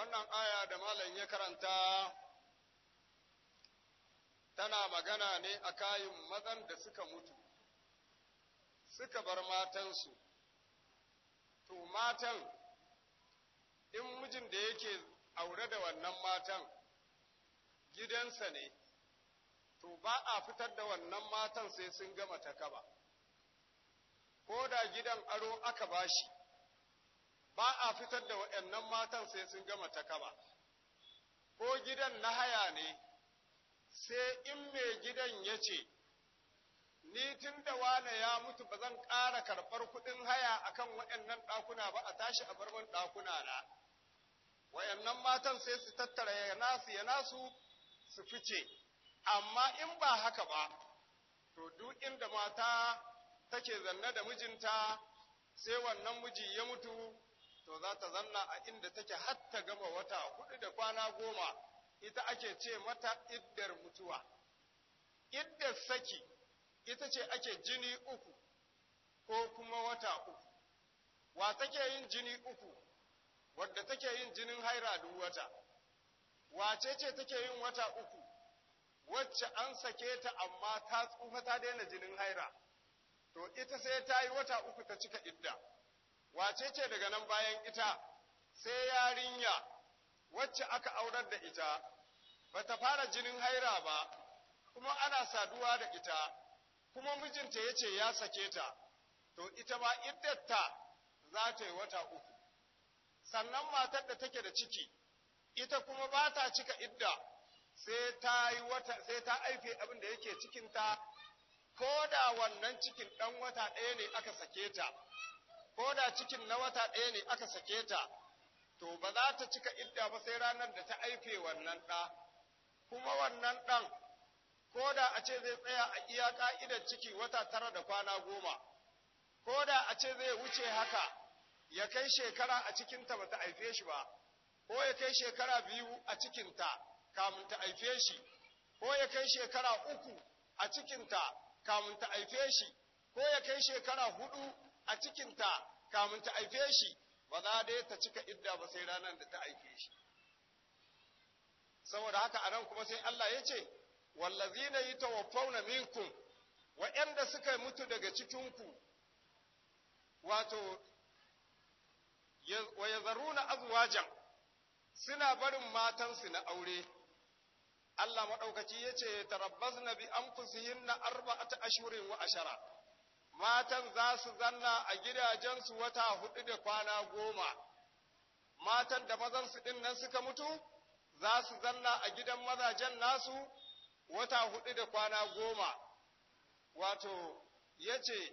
wannan aya da malam ya karanta tana magana ne a kayan mazan da suka mutu suka bar matansu to matan in mijin da yake aure da wannan matan gidansa ne to ba a fitar da wannan matan sai sun gama ta kaba. ko da gidan aro aka bashi ba a fitar da waɗannan matan sai sun gama ta kaba ko gidan na haya ne sai in mai gidan ya ce ni tun da wane ya mutu ba zan ƙara karɓar kuɗin haya a kan waɗannan ɗakuna ba a tashi a barban ɗakuna na waɗannan matan sai su tattara ya nasu ya nasu su fice amma in ba haka ba to duk inda mata take zanne da mijinta sai wannan miji ya mutu to za ta zanna a inda take har ta gama wata hudu da kwana goma ita ake ce mata iddar mutuwa iddar saki ita ce ake jini uku ko kuma wata uku wa take yin jini uku wadda take yin jinin haira duk wata wace ce take yin wata uku wacce an sake ta amma ta tsufa ta daina jinin haira to ita sai ta yi wata uku ta cika idda wace ce daga nan bayan ita sai yarinya wacce aka aurar da ita ba ta fara jinin haira ba kuma ana saduwa da ita kuma mijinta ya ce ya sake ta to ita ma iddatta za ta yi wata uku sannan matar da take da ciki ita kuma ba ta cika idda sai ta yi wata sai ta aife abin da yake cikinta ko da wannan cikin ɗan wata ɗaya ne aka sake ta ko da cikin na wata ɗaya ne aka sake ta to ba za ta cika idda ba sai ranar da ta aife wannan ɗa kuma wannan ɗan ko da a ce zai tsaya a iya ƙa'idar ciki wata tara da kwana goma ko da a ce zai wuce haka ya kai shekara a cikinta ba ta aife shi ba ko ya kai shekara biyu a cikinta kamun ta aife shi ko ya kai shekara uku a cikinta kamun ta aife shi ko ya kai shekara huɗu a cikinta kamun ta aife shi ba za dai ta cika idda ba sai ranar da ta aife shi saboda haka a nan kuma sai Allah ya ce wallazina yatawaffawna minkum wa'anda suka mutu daga cikinku wato wa yazaruna azwajan suna barin matansu na aure Allah maɗaukaci ya ce na bi anfusihinna arba'ata ashhurin wa ashara matan za su zanna a gidajensu wata hudu da kwana goma matan da mazan su ɗin nan suka mutu za su zanna a gidan mazajen nasu wata hudu da kwana goma wato ya ce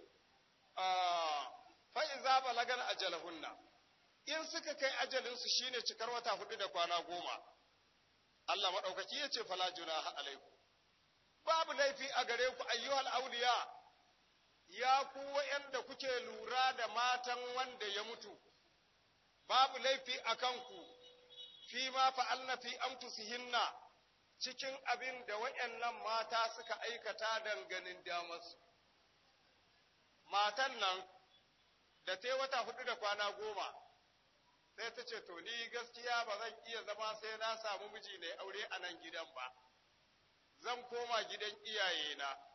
ah, fa'iza balagan ajalahunna in suka kai ajalinsu shine cikar wata hudu da kwana goma Allah maɗaukaki ya ce fala alaikum babu laifi a gare ku ayyuhal auliya ya ku wayanda kuke lura da matan wanda ya mutu, babu laifi a kanku, fi ma fa'alna fi amtusihinna cikin abin da wa’yannan mata suka aikata danganin damarsu. Matan nan, da ta wata hudu da kwana goma, sai ta ce, To, ni gaskiya ba zan iya zama sai na samu miji ne aure a nan gidan ba, zan koma gidan iyayena.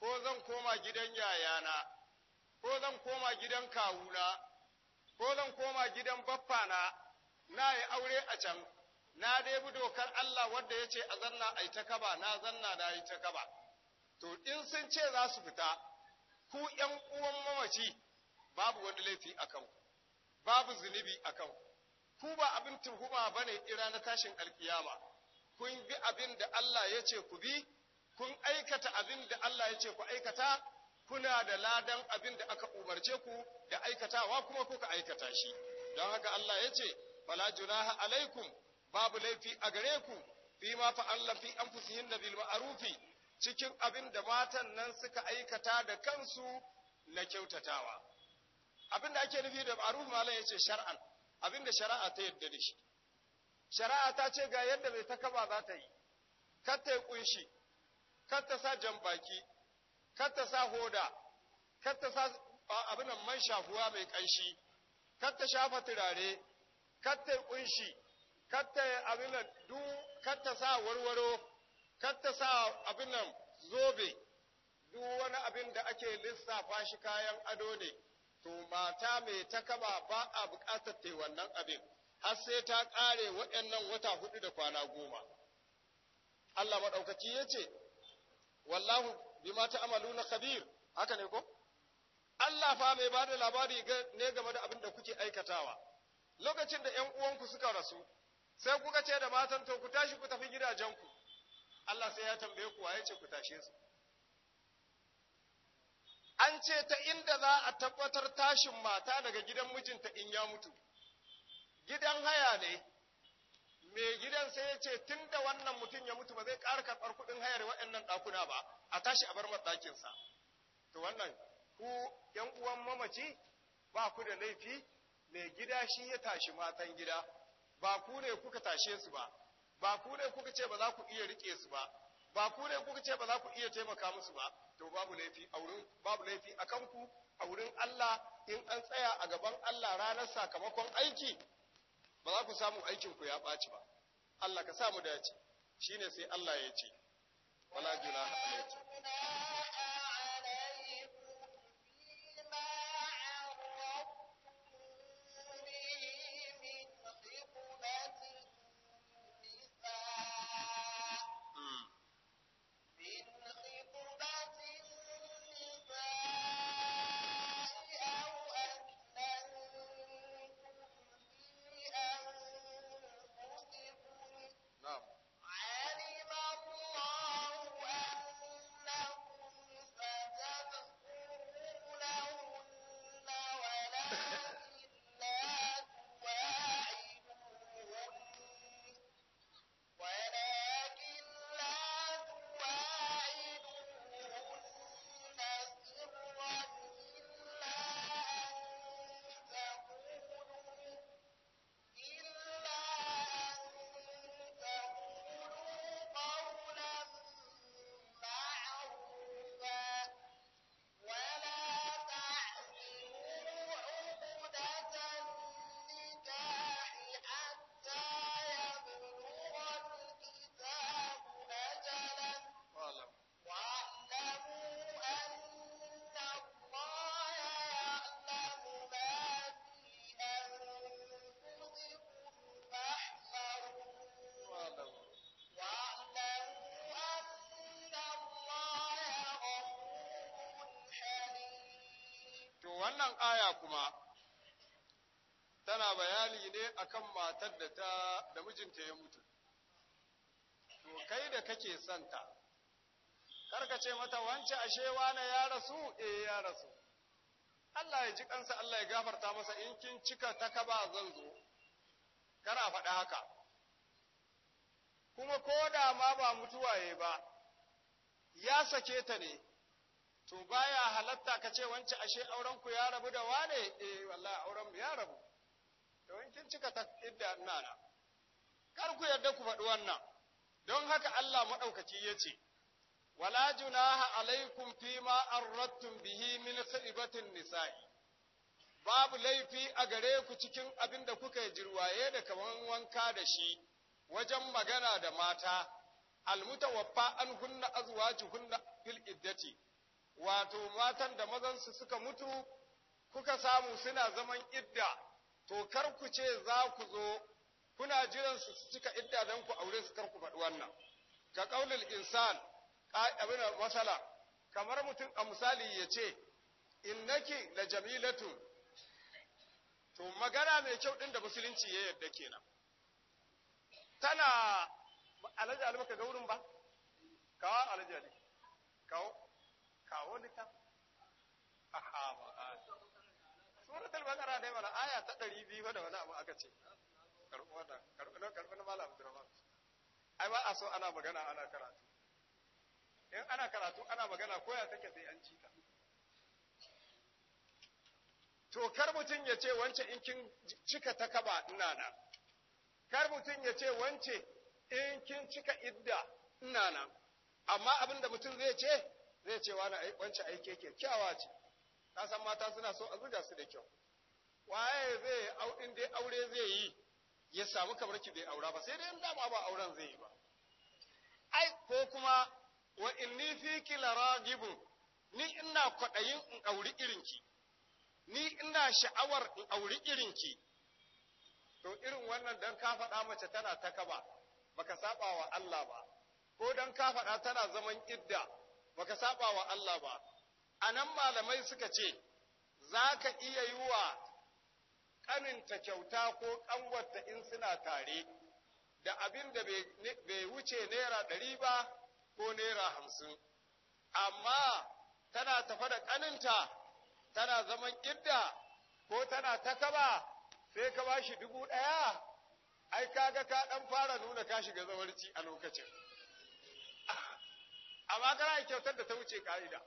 ko zan koma gidan yayana, ko zan koma gidan kawuna, ko zan koma gidan baffana, na yi aure a can, na dai dokar Allah wadda ya ce a zanna a yi ta kaba, na zanna na yi ta kaba. To, in sun ce za su fita, ku ’yan uwan mamaci, babu wani laifi a kan, babu zunubi a kan, ku ba abin tuhuma ba ne ira na tashin alkiyama, kun bi abin da Allah ya ce ku bi, kun aikata abin da Allah ya ce ku aikata kuna da ladan abin da aka umarce ku da aikatawa kuma kuka aikata shi don haka Allah ya ce fala junaha alaikum babu laifi a gare ku fi ma Allah fi anfusihin da bil cikin abin da matan nan suka aikata da kansu na kyautatawa abin da ake nufi da ma'ruf malam ya ce shar'an abin da shari'a ta yadda da shi shari'a ta ce ga yadda mai kaba za ta yi kar ta yi kunshi kar sa jan baki kar sa hoda kar sa abin nan man shafuwa mai kanshi kar shafa turare kar ta kunshi kar abin nan du sa warwaro kar sa abin nan zobe duk wani abin da ake lissafa shi kayan ado ne to mata mai takaba ba a buƙatar ta wannan abin har sai ta ƙare waɗannan wata hudu da kwana goma Allah maɗaukaki ya ce wallahu bima ta'maluna khabir haka ne ko Allah fa mai bada labari ne game da abin da kuke aikatawa lokacin da ƴan uwanku suka rasu sai kuka ce da matan to ku tashi ku tafi gidajenku Allah sai ya tambaye ku waye ce ku tashe su an ce ta inda za a tabbatar tashin mata daga gidan mijinta in ya mutu gidan haya ne gidan sai ya ce tun da wannan mutum ya mutu ba zai ƙara karɓar kuɗin hayar waɗannan ɗakuna ba a tashi a bar matsakinsa to wannan ku ƴan uwan mamaci ba ku da laifi mai gida shi ya tashi matan gida ba ku ne kuka tashe su ba ba ku ne kuka ce ba za ku iya riƙe su ba ba ku ne kuka ce ba za ku iya taimaka musu ba to babu laifi a wurin babu laifi a kanku a wurin Allah in an tsaya a gaban Allah ranar sakamakon aiki ba za ku samu aikin ku ya ɓaci ba Allah ka samu dace shine sai Allah ya ce wala junaha alaikum wannan aya kuma tana bayani ne akan matar da ta da mijinta ya mutu to kai da kake santa karka ce mata wance ashe wane ya rasu eh ya rasu Allah ya ji kansa Allah ya gafarta masa in kin cika ta takaba zan zo kana faɗa haka kuma ko da ma ba mutuwaye ba ya sake ta ne to baya halatta ka ce wance ashe auren ku ya rabu da wane eh wallahi auren ya rabu to in kin cika ta idda nana kar ku yarda ku faɗi wannan don haka Allah madaukaki yace wala junaha alaikum fi ma arradtum bihi min khibatin nisa'i babu laifi a gare ku cikin abin da kuka yi jirwaye da kaman wanka da shi wajen magana da mata almutawaffa an hunna azwajuhunna fil iddati wato matan da mazansu suka mutu kuka samu suna zaman idda to kar ku ce za ku zo kuna jiran su cika idda don ku aure su kar ku faɗi wannan ka ƙaunar insan abin masala kamar mutum a misali ya ce innaki la jamilatu to magana mai kyau ɗin da musulunci ya yarda kenan tana alhaji almaka gaurin ba kawo alhaji kawo kawo littafin aha ba a suratul baqara dai mana aya ta 200 da wani abu aka ce karbo da karbo na malam abdurrahman ai ba a so ana magana ana karatu in ana karatu ana magana koya take sai an cita to kar mutum ya ce wance in kin cika ta kaba ina nan kar mutum ya ce wance in kin cika idda ina nan amma abin da mutum zai ce zai ce wani wance aike kyakkyawa ce ka san mata suna so a zuga su da kyau waye zai au in dai aure zai yi ya samu kamar ki bai aura ba sai dai in dama ba auren zai yi ba ai ko kuma wa inni kila laragibun ni ina kwaɗayin in auri irin ki? ni ina sha'awar in auri irin ki? to irin wannan dan ka faɗa mace tana ta kaba baka saba wa Allah ba ko dan ka faɗa tana zaman idda baka saba wa Allah ba anan malamai suka ce za ka iya yi wa ƙaninta kyauta ko kanwarta in suna tare da abin da bai wuce naira ɗari ba ko naira hamsin amma tana tafa da kaninta tana zaman idda ko tana ta kaba sai ka bashi dubu ɗaya ai kaga ka ɗan fara nuna ka shiga zawarci a lokacin amma kana yi kyautar da ta wuce ka'ida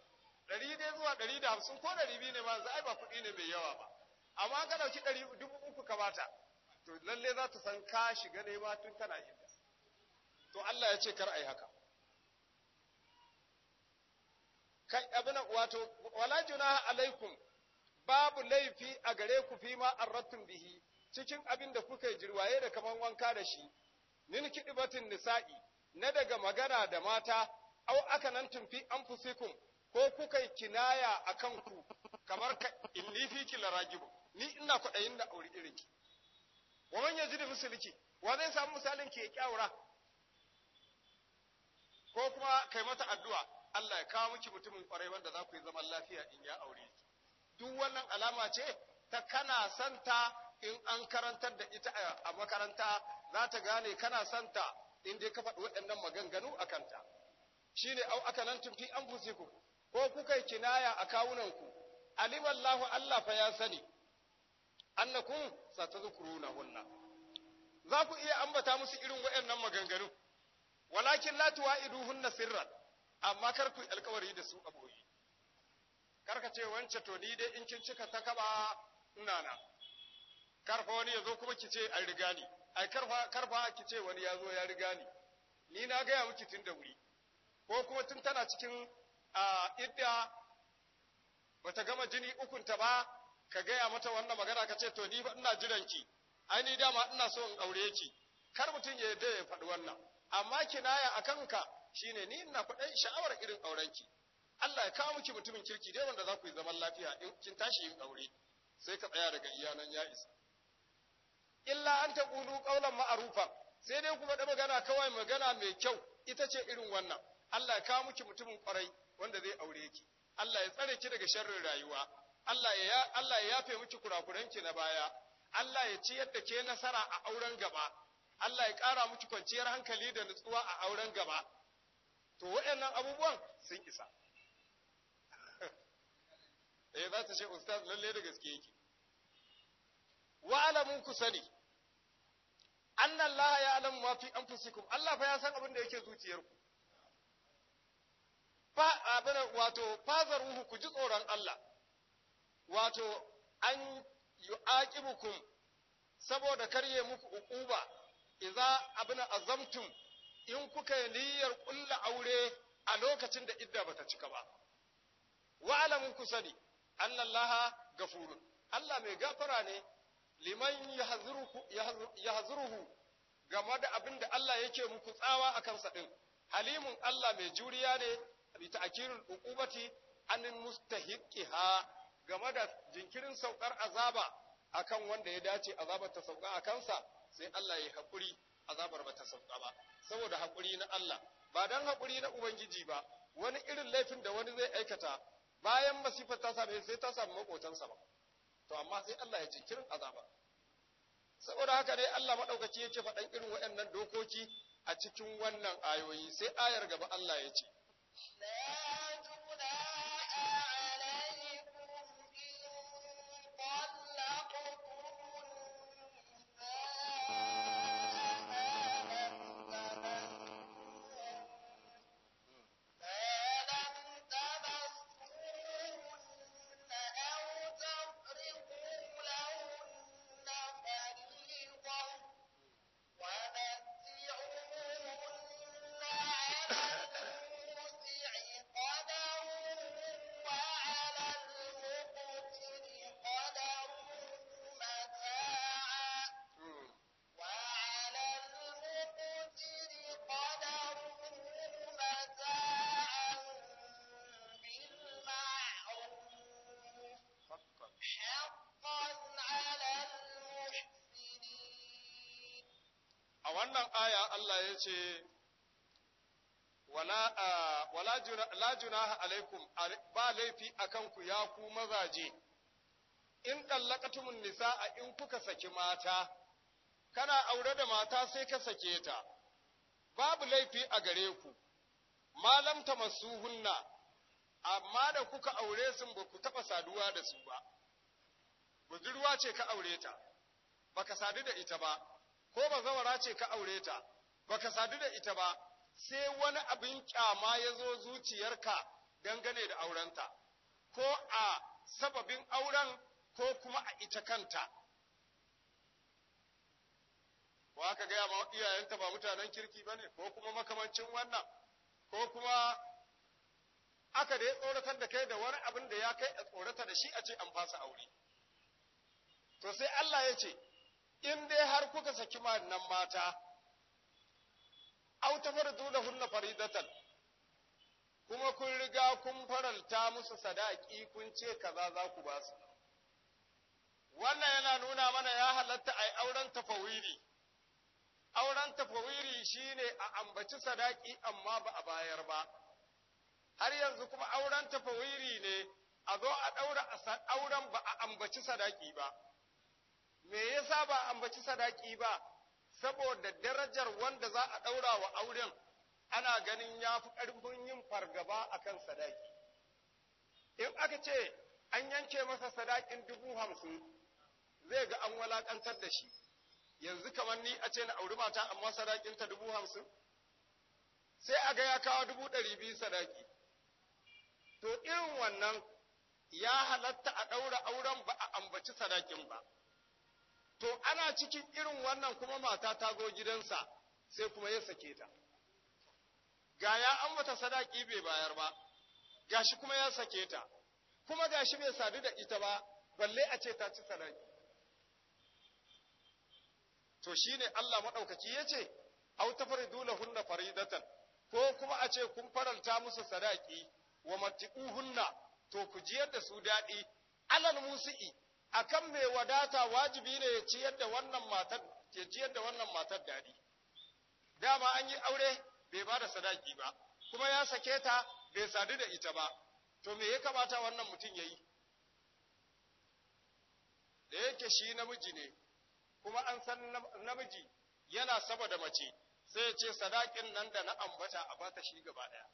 ɗari dai zuwa ɗari da hamsin ko ɗari biyu ne ma za a ba kuɗi ne mai yawa ba amma ka ɗauki ɗari dubu uku ka bata to lalle za ta san ka shiga ne ma tun tana hidda to Allah ya ce kar a yi haka kai abin wato wala junaha alaikum babu laifi a gare ku fi ma arrattun bihi cikin abin da kuka jirwaye da kaman wanka da shi min kidibatin nisa'i na daga magana da mata au akanantum fi anfusikum ko kuka kinaya akan ku kamar ka inni fi ki ni ina kwaɗayin da auri irin ki wa man yajidu misliki wa zai samu misalin ki ya kyaura ko kuma kai mata addu'a Allah ya kawo miki mutumin kwarai wanda za ku yi zaman lafiya in ya aure ki duk wannan alama ce ta kana santa in an karantar da ita a makaranta za ta gane kana santa in dai ka faɗi waɗannan maganganu a kanta. Shi ne au aka nan an fi ku. ko kuka yi kinaya a kawunanku alimallahu Allah fa ya sani annakum hunna za ku iya ambata musu irin waɗannan maganganu walakin la hunna sirra amma kar ku alkawari da su aboyi karka ce wance to ni dai in kin cika ta kaba ina na karfa wani ya zo kuma ki ce an riga ni ai karfa karfa ki ce wani ya zo ya riga ni ni na gaya miki tun da wuri ko kuma tun tana cikin idda ba ta gama jini ukunta ba ka gaya mata wannan magana ka ce to ni ba ina jiran ki ai ni dama ina so in aure ki kar mutum ya yarda ya faɗi wannan amma kinaya a kanka shine ni ina faɗin sha'awar irin auren ki Allah ya kawo miki mutumin kirki dai wanda za ku yi zaman lafiya in kin tashi yin aure sai ka tsaya daga iyanan ya isa illa an ta ƙulu ƙaunar ma'arufa sai dai kuma da magana kawai magana mai kyau ita ce irin wannan Allah ya kawo miki mutumin kwarai wanda zai aure ki Allah ya tsare ki daga sharrin rayuwa Allah ya Allah ya yafe miki kurakuranki na baya Allah ya ci yadda ke nasara a auren gaba Allah ya ƙara miki kwanciyar hankali da nutsuwa a auren gaba to waɗannan abubuwan sun isa eh za ta ce ustaz lalle da gaske yake wa alamun ku sani anna allaha ya alamu ma fi anfusikum Allah fa ya san abin da yake zuciyarku Wato fazar ruhu ku ji tsoron Allah wato an yu'aqibukum saboda karye muku uquba idza abin azamtum in kuka yi niyyar kulla aure a lokacin da idda bata cika ba wa alamun ku sani annallaha gafurun Allah mai gafara ne liman yahzuruhu game da abin da Allah yake muku tsawa a kansa din halimun Allah mai juriya ne ta'khirul uqubati anil mustahiqiha game da jinkirin saukar azaba akan wanda ya dace azabar ta sauka a kansa sai Allah ya hakuri azabar ba ta sauka ba saboda hakuri na Allah ba dan hakuri na ubangiji ba wani irin laifin da wani zai aikata bayan masifar ta same sai ta samu makotansa ba to amma sai Allah ya jinkirin azaba saboda haka dai Allah madaukaki yake faɗan irin waɗannan dokoki a cikin wannan ayoyi sai ayar gaba Allah ya ce Man a wannan aya Allah ya ce wala junaha alaikum ba laifi a ku ya ku mazaje in nisa a in kuka saki mata kana aure da mata sai ka sake ta babu laifi a gare ku malam masuhunna. amma da kuka aure sun ba ku taba saduwa da su ba budurwa ce ka aure ta baka sadu da ita ba ko ba zawara ce ka aure ta ba ka sadu da ita ba sai wani abin kyama ya zo zuciyarka dangane da aurenta ko a sababin auren ko kuma a ita kanta ko aka gaya ma iyayenta ba mutanen kirki ba ne ko kuma makamancin wannan ko kuma aka da ya tsoratar da kai da wani abin da ya kai a tsorata da shi a ce an fasa aure to sai Allah ya ce in dai har kuka saki nan mata au tafardu hunna faridatan kuma kun riga kun faralta musu sadaki kun ce kaza za ku ba su wannan yana nuna mana ya halatta ai auren tafawiri auren tafawiri shine a ambaci sadaki amma ba a bayar ba har yanzu kuma auren tafawiri ne a zo a daura auren ba a ambaci sadaki ba me yasa ba ambaci sadaki ba saboda darajar wanda za a daura wa auren ana ganin ya fi ƙarfin yin fargaba a kan sadaki in aka ce an yanke masa sadakin dubu hamsin zai ga an walakantar da shi yanzu kamar ni a ce na auri mata amma sadakinta dubu hamsin sai a ga ya kawo dubu ɗari biyu sadaki to irin wannan ya halatta a ɗaura auren ba a ambaci sadakin ba to ana cikin irin wannan kuma mata ta go gidansa sai kuma ya sake ta ga ya mata sadaki bai bayar ba gashi kuma ya sake ta kuma gashi bai sadu da ita ba balle a ce ta ci sadaki to shine Allah madaukaki yace aw tafriduna hunna faridatan ko kuma a ce kun faranta musu sadaki wa mati'uhunna to ku jiyar da su daɗi alal musi'i akan mai wadata wajibi ne ya ciyar da wannan matar ke ciyar da wannan matar dadi dama an yi aure bai ba da sadaki ba kuma ya sake ta bai sadu da ita ba to me ya kamata wannan mutum ya yi da yake shi namiji ne kuma an san namiji yana saba da mace sai ya ce sadakin nan da na ambata a bata shi gaba daya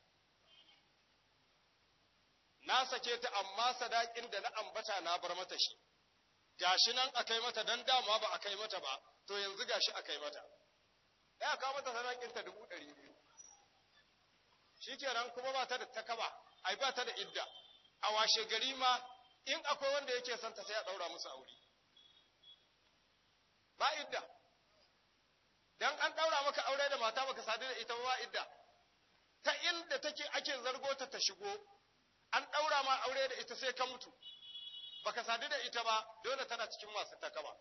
na sake ta amma sadakin da na ambata na bar mata shi gashi nan akai mata dan dama ba a kai mata ba to yanzu gashi kai mata ya kawo mata sanakin ta dubu ɗari biyu ran kuma ba ta da takaba ai ba ta da idda a washe gari ma in akwai wanda yake son ta sai a daura musu aure ba idda dan an daura maka aure da mata baka sadu da ita ba idda ta inda take ake zargo ta ta shigo an daura ma aure da ita sai ka mutu baka sadu da ita ba dole tana cikin masu takawa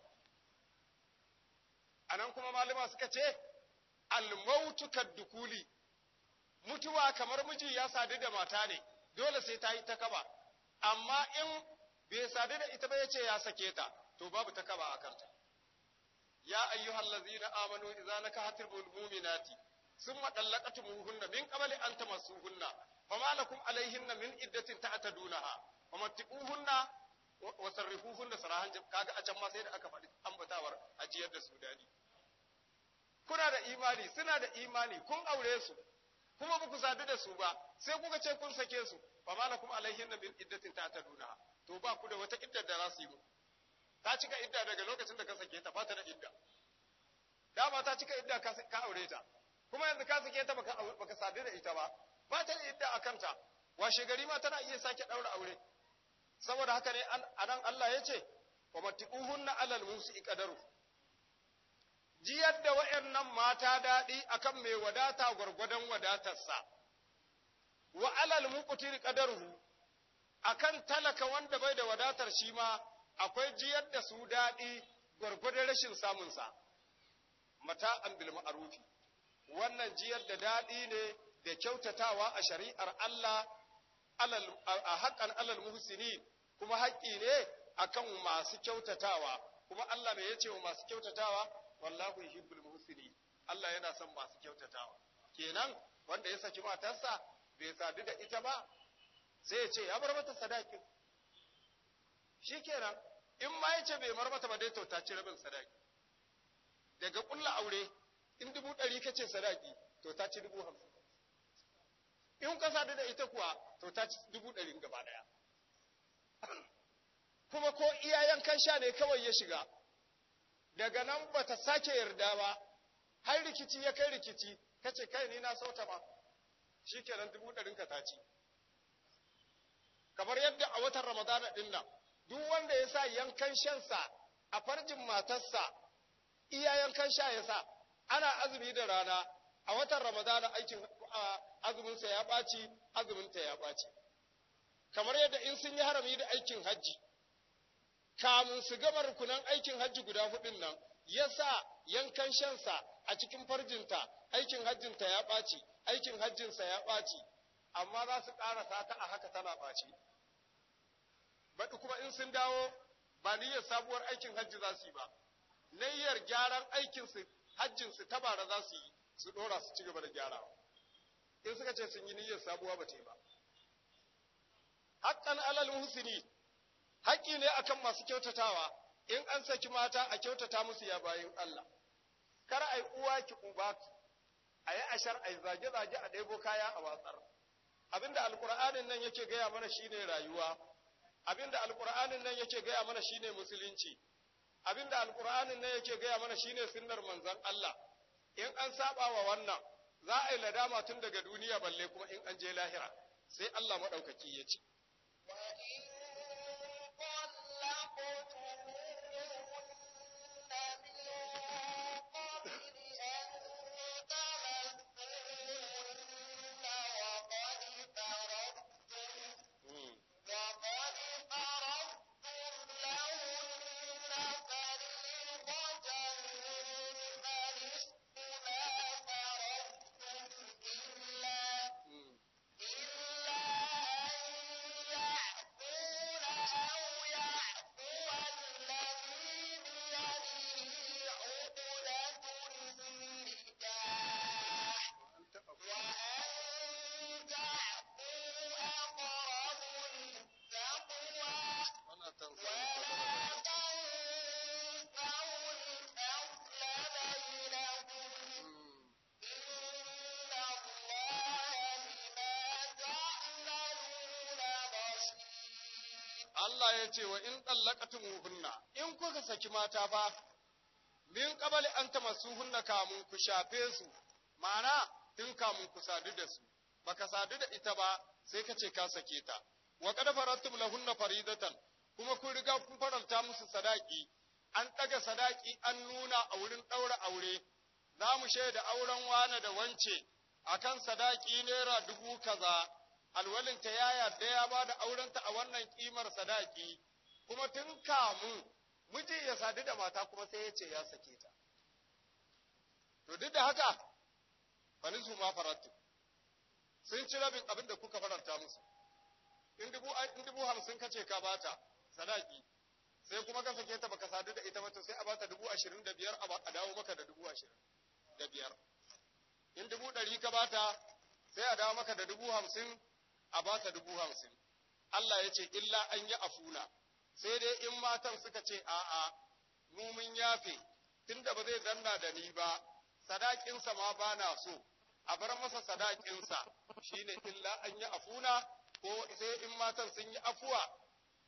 anan kuma malama suka ce almautu dukuli, mutuwa kamar miji ya sadu da mata ne dole sai ta yi takaba amma in bai sadu da ita ba ya ce ya sake ta to babu takaba a kanta ya ayyuhal ladzina amanu idza nakahatul mu'minati summa dallaqatumuhunna min qabli an tamassuhunna fama lakum alaihinna min iddatin ta'tadunaha wa mattiquhunna wasarrifuhun da sarahan kaga a can ma sai da aka faɗi ambatawar ajiyar da su kuna da imani suna da imani kun aure su kuma ba ku sadu da su ba sai kuka ce kun sake su fa malakum alaihin min iddatin ta ta taduna to ba ku da wata iddar da za su yi mu ta cika idda daga lokacin da ka sake ta ba ta da idda dama ta cika idda ka aure ta kuma yanzu ka sake ta baka sadu da ita ba ba ta da idda a kanta washe gari ma tana iya sake daura aure saboda haka ne anan Allah ya ce wa mati'uhunna alal musi qadaru jiyar da wa'annan mata daɗi akan mai wadata gwargwadon wadatarsa wa alal muqtir qadaruhu akan talaka wanda bai da wadatar shi ma akwai jiyar da su daɗi gwargwadon rashin samunsa mata'an bil rufi. wannan jiyar da daɗi ne da kyautatawa a shari'ar Allah a haƙan alal muhsinin kuma haƙƙi ne akan masu kyautatawa kuma Allah mai yace wa masu kyautatawa wallahu yuhibbul muhsini Allah yana son masu kyautatawa kenan wanda ya saki matarsa bai sadu da ita ba sai ya ce ya bar mata sadakin shikenan in ma ya ce bai mar mata ba dai to ta ci rabin sadaki daga kullu aure in dubu ɗari ka ce sadaki to ta ci dubu hamsin in ka sadu da ita kuwa to ta ci dubu ɗari gaba ɗaya kuma ko iyayen kan sha ne kawai ya shiga daga nan ba ta sake yarda ba har rikici ya kai rikici ta ce kai ni na sauta ba shi kenan dubu ɗarinka ta ci kamar yadda a watan ramadana ɗin nan duk wanda ya sa yankan shansa a farjin matarsa iya kan sha ya sa ana azumi da rana a watan ramadana aikin azuminsa ya ɓaci azuminta ya ɓaci kamar yadda in sun yi harami da aikin hajji kamun su gama rukunan aikin hajji guda hudun nan ya sa yankan shansa a cikin farjinta aikin hajjinta ya ɓaci aikin hajjinsa ya ɓaci amma za su ƙarasa ta a haka tana ɓaci baɗi kuma in sun dawo ba niyyar sabuwar aikin hajji za su yi ba niyyar gyaran aikin hajjin su ta bara za su yi su ɗora su ci gaba da gyarawa in suka ce sun yi niyyar sabuwa ba ta yi ba haƙƙan alal muhsini haƙƙi ne akan masu kyautatawa in an saki mata a kyautata musu ya bayin Allah kar ai uwa ki uba yi ashar ai zage zage a ɗebo kaya a watsar abinda alqur'anin nan yake gaya mana shine rayuwa abinda alqur'anin nan yake gaya mana shine musulunci abinda alqur'anin nan yake gaya mana shine sunnar manzon Allah in an saba wa wannan za a yi ladama tun daga duniya balle kuma in an je lahira sai Allah maɗaukaki ya ce Allah ya ce wa in ɗallakatumuhunna in kuka saki mata fa min ƙabali an hunna kamun ku shafe su mana in kamun ku sadu da su baka sadu da ita ba sai ka ce ka sake ta wa qad faradtum lahunna faridatan kuma kun riga kun faranta musu sadaki an ɗaga sadaki an nuna a wurin ɗaura aure za mu shaida auren wane da wance akan sadaki naira dubu kaza alwalin ta yarda ya ba da aurenta a wannan kimar sadaki kuma tun kamu miji ya sadu da mata kuma sai ya ce ya sake ta to duk da haka su ma faratu sun ci rabin abin da kuka faranta musu in dubu hamsin kace ka bata sadaki sai kuma ka sake ta baka sadu da ita ba to sai a bata dubu ashirin da biyar a dawo maka da dubu ashirin da biyar in dubu ɗari ka bata sai a dawo maka da dubu hamsin a baka dubu hamsin Allah ya ce illa an yi afuna sai dai in matan suka ce a'a mu mun yafe tunda ba zai zanna da ni ba sadakinsa ma ba na so a bar masa sadakinsa shine illa an yi afuna ko sai in matan sun yi afuwa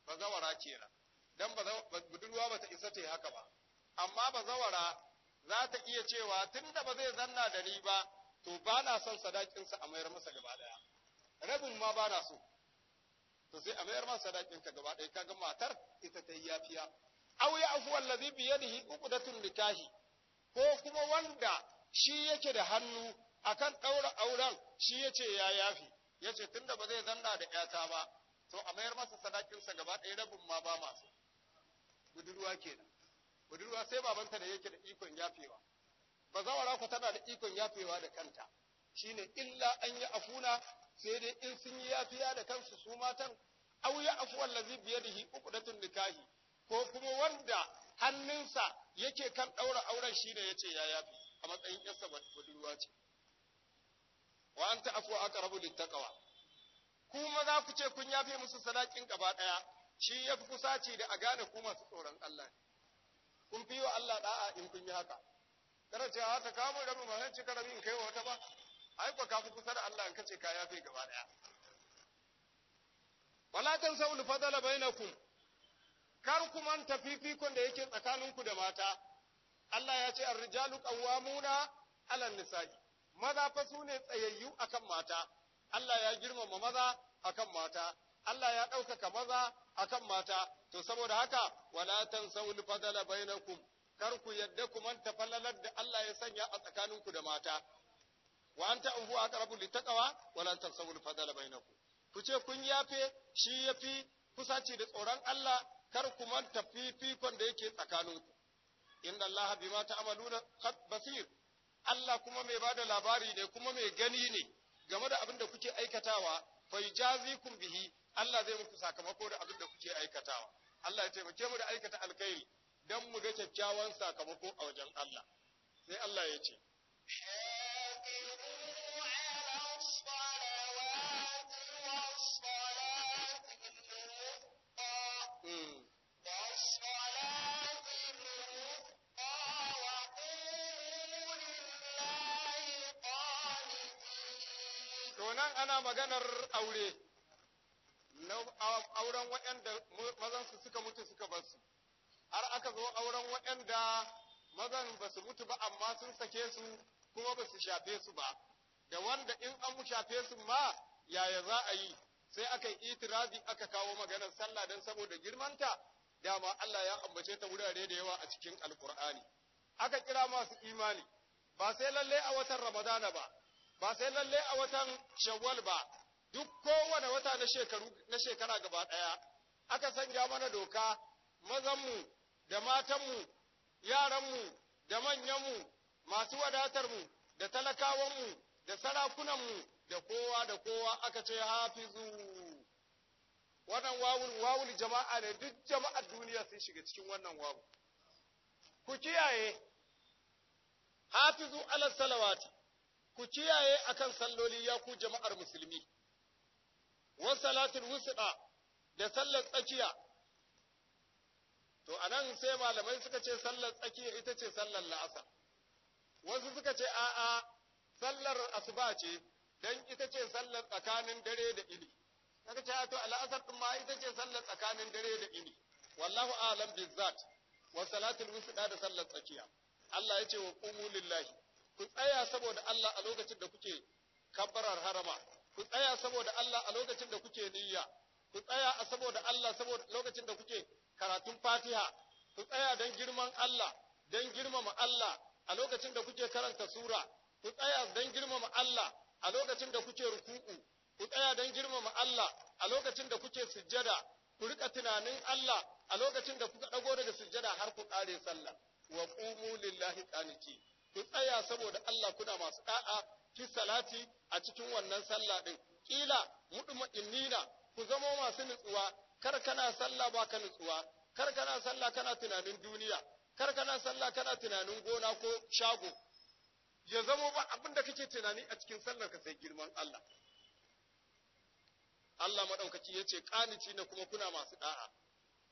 ba zawara kenan dan ba budurwa ba ta isa ta haka ba amma ba zawara za ta iya cewa tunda ba zai zanna da ni ba to ba na son sadakinsa a mayar masa gaba daya rabin ma ba na so to sai a mayar ma sadakin ka gaba ɗaya kaga matar ita ta yi yafiya aw ya afu allazi bi yadihi uqdatun nikahi ko kuma wanda shi yake da hannu akan ɗaura auren shi yace ya yafi yace tunda ba zai zanna da ƴata ba to a mayar masa sadakin sa gaba ɗaya rabin ma ba masu budurwa kenan budurwa sai babanta da yake da ikon yafewa Ba wa ku tana da ikon yafewa da kanta shine illa an yi afuna sai dai in sun yi yafiya da kansu su matan aw ya afu allazi biyadihi uqdatun nikahi ko kuma wanda hannunsa yake kan daura auren shi ne yace ya yafi a matsayin yarsa budurwa ce wa anta afu aqrabu littaqwa kuma za ku ce kun yafe musu sadakin gaba daya shi ya fi kusaci da a gane ku masu tsoron Allah kun fi wa Allah da'a in kun yi haka kada ce haka kamun rabu ba zan cika rabin kai wata ba ai ko ka kusa da Allah in kace ka yafe gaba daya wala tan al fadala bainakum kar ku manta fifikon da yake tsakaninku da mata Allah ya ce ar-rijalu qawwamuna 'ala nisa'i maza fa sune tsayayyu akan mata Allah ya girmama maza akan mata Allah ya ɗaukaka maza akan mata to saboda haka wala tan al fadala bainakum kar ku yadda ku manta fallalar da Allah ya sanya a tsakaninku da mata wa ubu a huwa aqrabu littaqwa wa lan tansawul fadala ku ce kun yafe shi yafi kusaci da tsoron Allah kar ku manta fifikon da yake tsakaninku ma Allah amalu na basir Allah kuma mai bada labari ne kuma mai gani ne game da abin da kuke aikatawa fa kun bihi Allah zai muku sakamako da abin da kuke aikatawa Allah ya taimake mu da aikata alkhairi dan mu ga kyakkyawan sakamako a wajen Allah sai Allah ya ce nan ana maganar aure na auren waɗanda mazansu suka mutu suka su har aka zo auren waɗanda mazan ba su mutu ba amma sun sake su kuma ba su shafe su ba da wanda in an mu shafe su ma yaya za a yi sai aka yi itirazi aka kawo maganar sallah don saboda girmanta dama Allah ya ambace ta wurare da yawa a cikin alkur'ani aka kira masu imani ba sai lalle a watan ramadana ba ba sai lalle a watan shawwal ba duk kowane wata na shekaru na shekara gaba ɗaya aka sanya mana doka mazanmu da matanmu yaranmu da manyanmu masu wadatar mu, da talakawanmu da mu da kowa da kowa aka ce hafizu wannan wawul wawul jama'a ne duk jama'ar duniya sun shiga cikin wannan wawul ku kiyaye hafizu ala salawati ku kiyaye akan salloli ya ku jama'ar musulmi wa salatul wusqa da sallar tsakiya to anan sai malamai suka ce sallar tsakiya ita ce sallar la'asar wasu suka ce a'a sallar asuba ce dan ita ce sallar tsakanin dare da ili. kaga ce to al'asar din ma ita ce sallar tsakanin dare da ili. wallahu a'lam bizzat wa salatul wusqa da sallar tsakiya Allah ya ce wa qumu lillahi ku tsaya tsaya saboda Allah a lokacin da kuke kabbarar harama ku tsaya saboda Allah a lokacin da kuke niyya ku tsaya a saboda Allah saboda lokacin da kuke karatun Fatiha ku tsaya don girman Allah don girmama Allah a lokacin da kuke karanta sura ku tsaya don girmama Allah a lokacin da kuke ruku'u ku tsaya don girmama Allah a lokacin da kuke sujjada ku rika tunanin Allah a lokacin da kuka dago daga sujjada har ku kare sallah wa qumu lillahi qanitin Ku tsaya saboda Allah kuna masu ɗa'a, ki salati a cikin wannan sallah din kila mudma'innina ku zama masu nutsuwa kar kana sallah ba ka nutsuwa kar kana sallah kana tunanin duniya kar kana sallah kana tunanin gona ko shago ya zamo ba abin da kake tunani a cikin sallar ka sai girman Allah Allah maɗaukaci ya ce ƙanici na kuma kuna masu ɗa'a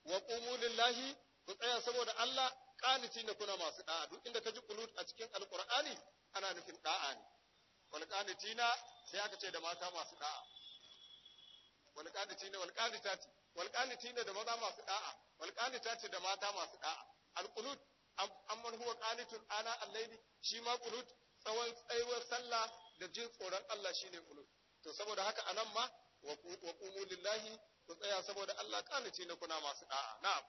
wa ƙumu lillahi ku tsaya saboda Allah qaniti ne kuna masu da'a duk inda ka ji qunut a cikin alqur'ani ana nufin da'a ne wal qanitina sai aka ce da mata masu da'a wal qanitina wal qanitati wal qanitina da maza masu da'a wal qanitati da mata masu da'a al qunut amman huwa qanitun ana al-layli shi ma qunut tsawon tsayuwar sallah da jin tsoron Allah shine qunut to saboda haka anan ma wa qumu lillahi ku tsaya saboda Allah kanace na kuna masu da'a na'am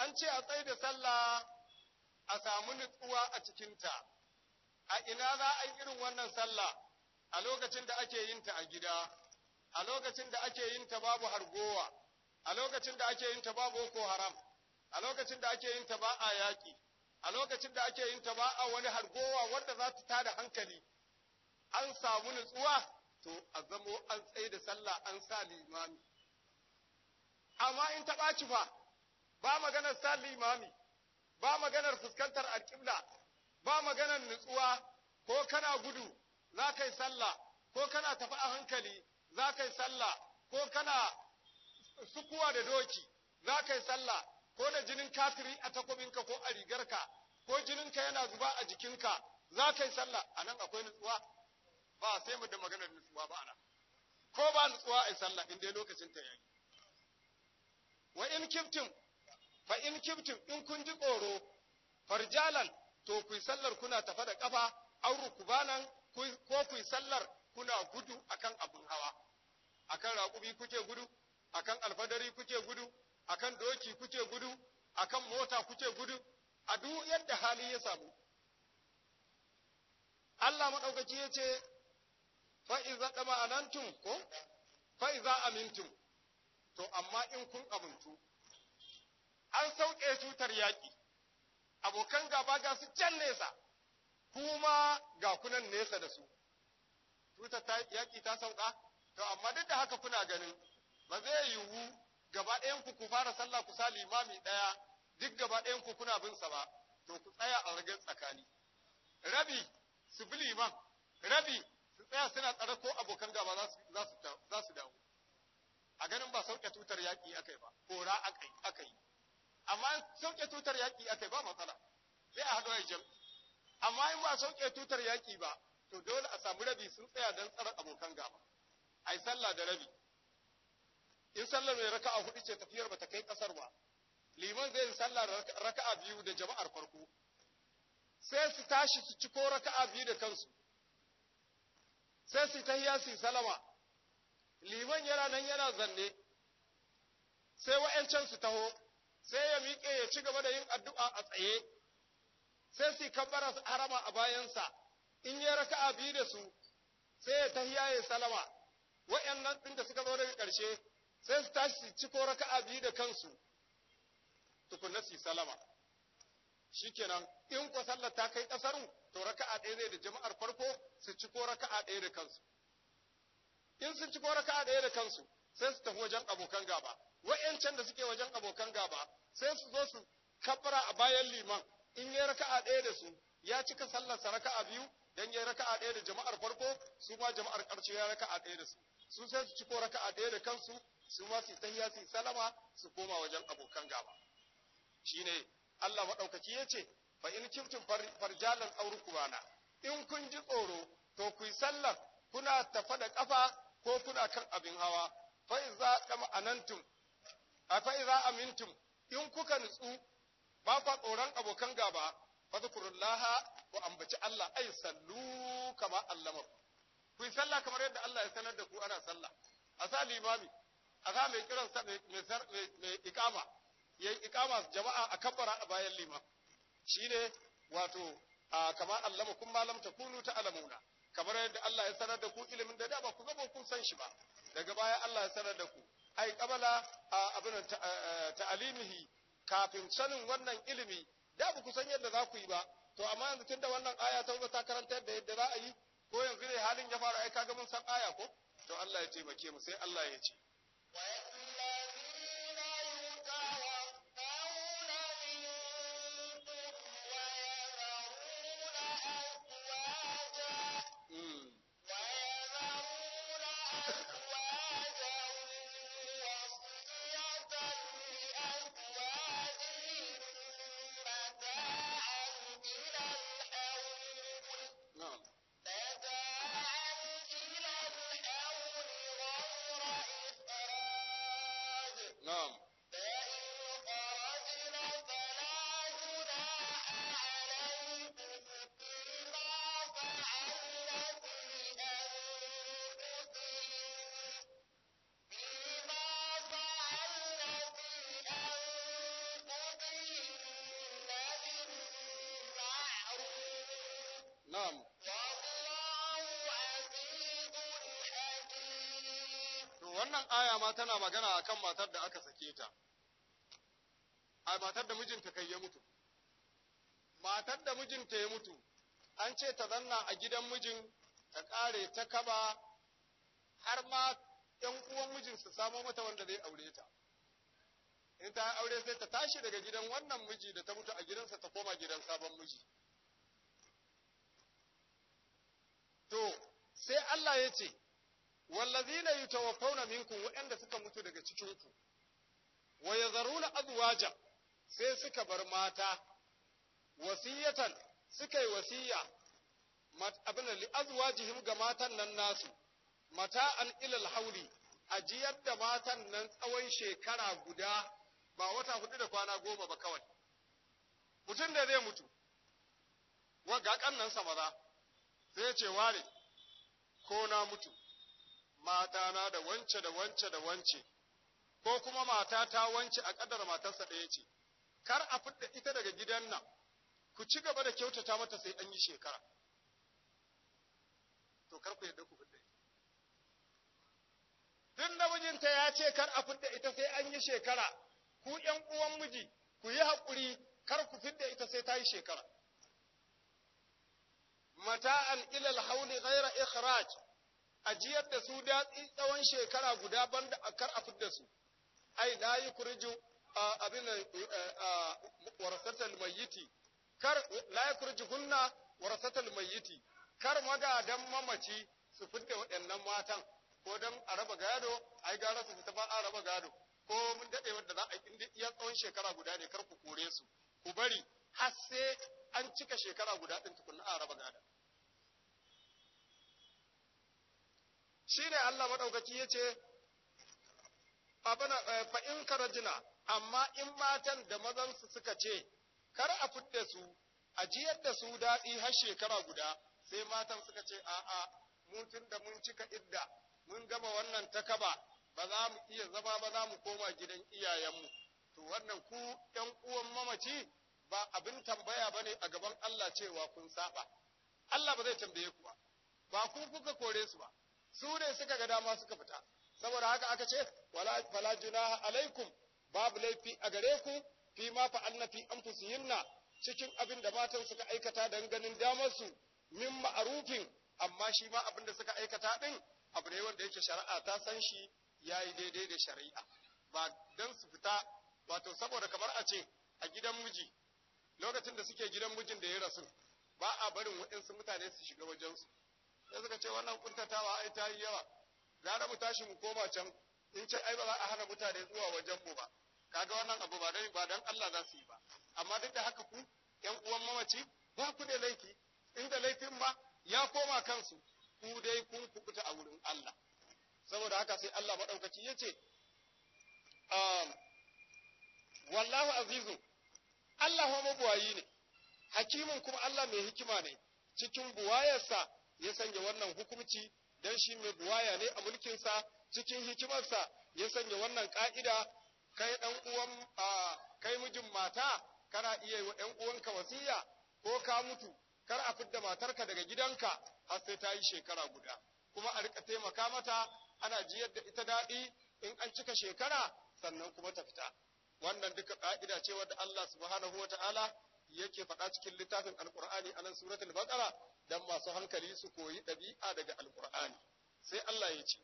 an ce a tsaye da sallah a samu nutsuwa a cikinta a ina za a yi irin wannan sallah a lokacin da ake yin ta a gida a lokacin da ake yin ta babu hargowa a lokacin da ake yin ta babu ko haram a lokacin da ake yin ta ba a yaƙi a lokacin da ake yin ta ba a wani hargowa wanda za ta tada hankali an samu nutsuwa to a zamo an tsaye da sallah an sa limami amma in ta ɓaci fa ba maganar sa limami ba maganar fuskantar alƙibla ba maganar nutsuwa ko kana gudu za ka yi sallah ko kana tafi a hankali za ka yi sallah ko kana sukuwa da doki za ka yi sallah ko da jinin kafiri a takobinka ko a rigarka ko jininka yana zuba a jikinka za ka yi sallah a nan akwai nutsuwa ba sai mu da maganar nutsuwa ba ana ko ba nutsuwa a yi sallah in dai lokacin ta yayi wa in kiftin fa in kibtum in kun ji tsoro farjalan to ku sallar kuna tafa da kafa aw nan ko ku sallar kuna gudu akan abun hawa akan raƙumi kuke gudu akan alfadari kuke gudu akan doki kuke gudu akan mota kuke gudu a duk yadda hali ya samu Allah maɗaukaki ya ce iza ɗama anantum ko iza amintum to amma in kun abuntu an sauke tutar yaƙi abokan gaba ga su can nesa kuma ga kunan nesa da su cutar yaƙi ta sauka to amma duk da haka kuna ganin ba zai yiwu gaba ɗayanku ku fara sallah ku sa limami ɗaya duk gaba ɗayanku kuna bin sa ba to ku tsaya a ragen tsakani rabi su bi liman rabi su tsaya suna tsare ko abokan gaba za su dawo a ganin ba sauke tutar yaƙi aka yi ba kora aka yi amma sauke tutar yaƙi aka ba matsala sai a haɗu jam amma in ba sauke tutar yaƙi ba to dole a samu rabi sun tsaya don tsara abokan gaba a yi sallah da rabi in sallar mai raka'a hudu ce tafiyar ba ta kai ƙasar ba liman zai yi sallah raka'a biyu da jama'ar farko sai su tashi su ciko raka'a biyu da kansu sai su tahiya su salama liman yana nan yana zanne sai wa'yancan su taho sai ya miƙe ya ci gaba da yin addu'a a tsaye sai su kabbara harama a bayansa in ya raka a biyu da su sai ya ta ya salama nan ɗin da suka zo daga ƙarshe sai su tashi su ci ko raka a biyu da kansu tukunna su salama kenan, in ko sallar ta kai ƙasarun to raka a ɗaya ne da jama'ar farko su ci ko raka a ɗaya da kansu in sun ci ko raka a ɗaya da kansu sai su tafi wajen abokan gaba wa'yancan da suke wajen abokan gaba sai su zo su kafara a bayan liman in ya raka'a ɗaya da su ya cika sallarsa raka'a biyu dan ya raka'a ɗaya da jama'ar farko su ma jama'ar ƙarshe ya raka'a ɗaya da su su sai su ciko raka'a ɗaya da kansu su ma su tahiya su salama su koma wajen abokan gaba shine Allah madaukaki yace fa in kiftum farjalan aurukubana in kun ji tsoro to ku yi sallar kuna tafa da kafa ko kuna kan abin hawa fa iza kama anantum afa idza amintum in kuka nutsu ba kwa tsoron abokan gaba fadhkurullaha wa ambaci Allah ay sallu kama allama ku salla sallah kamar yadda Allah ya sanar da ku ana sallah a sa limami a sa mai kiran sa mai ikama yayi ikama jama'a a kabbara a bayan lima shine wato kama allama kun malam ta Kunu ta alamuna kamar yadda Allah ya sanar da ku ilimin da da ba ku ga kun san shi ba daga baya Allah ya sanar da ku ai a abin ta'alimihi kafin sanin wannan ilimi da ba ku san yadda za ku yi ba to amma yanzu tunda wannan aya ta ta karanta da yadda za a yi ko yanzu ne halin ya fara aika ga mun san aya ko to Allah ya taimake mu sai Allah ya ce wannan aya ma tana magana akan matar da aka sake ta a matar da mijinta kai ya mutu matar da mijinta ya mutu an ce ta zanna a gidan mijin ta kare ta kaba har ma ‘yan uwan mijin su samo mata wanda zai aure ta in ta aure sai ta tashi daga gidan wannan miji da ta mutu a gidansa ta koma gidan sabon miji to sai Allah ya ce wallazina yutawaffawna minkum waɗanda suka mutu daga cikin ku wa yazaruna azwaja sai suka bar mata wasiyatan suka yi wasiya abin li azwajihim ga matan nan nasu mata'an ilal hauli ajiyar da matan nan tsawon shekara guda ba wata hudu da kwana goma ba kawai mutum da zai mutu wa ga kannansa maza sai ce ware ko na mutu matana da wance da wance da wance ko kuma mata ta wance a ƙadar matarsa ɗaya ce kar a fidda ita daga gidan nan ku ci gaba da kyautata mata sai an yi shekara to kar ku yadda ku fidda ita duk namijinta ya ce kar a fidda ita sai an yi shekara ku ƴan uwan miji ku yi haƙuri kar ku fidda ita sai ta yi shekara mata'an ilal hauli ghaira ikhraj ajiyar da su datsi tsawon shekara guda banda a kar a fidda su ai la yukhrijun abin warasatul mayyiti kar la hunna warasatul mayyiti kar magadan mamaci su fidda waɗannan matan ko dan a raba gado ai gara su fita ba a raba gado ko mun dade wanda za a inda iya tsawon shekara guda ne kar ku kore su ku bari har sai an cika shekara guda din tukunna a raba gado Shi ne Allah maɗaukaki yace ce, eh, fa karajina, amma in matan da mazansu suka ce kar a fitta su a jiyar da su daɗi har shekara guda sai matan suka ce a'a mutun da mun cika idda mun gama wannan takaba ba za mu iya zama ba za mu koma gidan iyayenmu to wannan ku ɗan uwan mamaci ba abin tambaya ba ne a gaban Allah cewa kun saba Allah ba zai tambaye ku ba ba ku kuka kore su ba su ne suka ga dama suka fita saboda haka aka ce wala junaha alaikum babu laifi a gare ku fi ma fa'alna fi anfusihinna cikin abin da matan suka aikata dan ganin damar su min ma'arufin amma shi ma abin da suka aikata din abu ne wanda yake shari'a ta san shi yayi daidai da shari'a ba dan su fita wato saboda kamar a ce a gidan miji lokacin da suke gidan mijin da ya rasu ba a barin waɗansu mutane su shiga wajensu sai suka ce wannan kuntatawa ai ta yi yawa gara mu tashi mu koma can in ce ai ba za a hana mutane zuwa wajen mu ba kaga wannan abu ba dan ba dan Allah za su yi ba amma duk da haka ku ƴan uwan mamaci ba ku da laifi inda laifin ba ya koma kansu ku dai kun kubuta a wurin Allah saboda haka sai Allah madaukaki yace um, wallahu azizu Allah ho mabuwayi ne hakimin kuma Allah mai hikima ne cikin buwayarsa ya sanya wannan hukunci don shi mai buwaya ne a mulkinsa cikin hikimarsa ya sanya wannan ka'ida kai dan uwan kai mijin mata kana iya yi wa ɗan uwanka wasiya ko ka mutu kar a fidda matarka daga gidanka har sai ta yi shekara guda kuma a riƙa taimaka mata ana jiyar da ita daɗi in an cika shekara sannan kuma ta fita wannan duka ka'ida ce wadda Allah subhanahu wa ta'ala yake faɗa cikin littafin alqur'ani anan suratul baqara dan masu hankali su koyi dabi'a daga alqur'ani sai Allah ya ce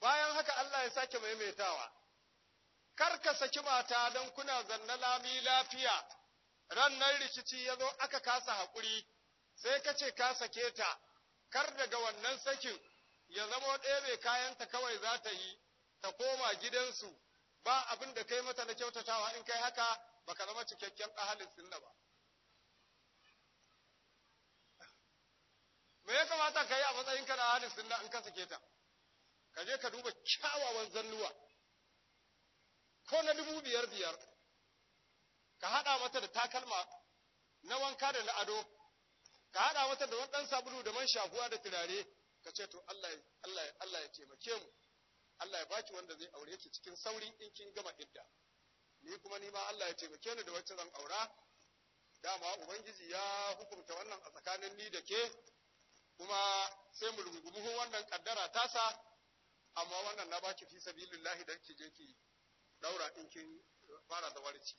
bayan haka Allah ya sake maimaitawa kar ka saki mata don kuna zanna lami lafiya rannan rikici ya zo aka kasa haƙuri sai ka ce ka sake ta kar daga wannan sakin ya zama mai kayanta kawai za ta yi ta koma gidansu ba abin da kai mata na kyautatawa in kai haka baka zama cikakken ahalin sunna ba me ya kamata ka yi a matsayinka na ahalin sunna in ka sake ta ka je ka duba kyawawan zannuwa ko na dubu biyar biyar ka haɗa mata da takalma na wanka da na ado ka haɗa mata da wani ɗan sabulu da man shafuwa da turare ka ce to Allah ya taimake mu Allah ya baki wanda zai aure ki cikin sauri in kin gama idda ni kuma ni ma Allah ya taimake ni da wacce zan aura dama ubangiji ya hukunta wannan a tsakanin ni da ke kuma sai mu rungumi wannan kaddara tasa amma wannan na baki fi sabilillahi dan ki je ki daura in kin fara zawarci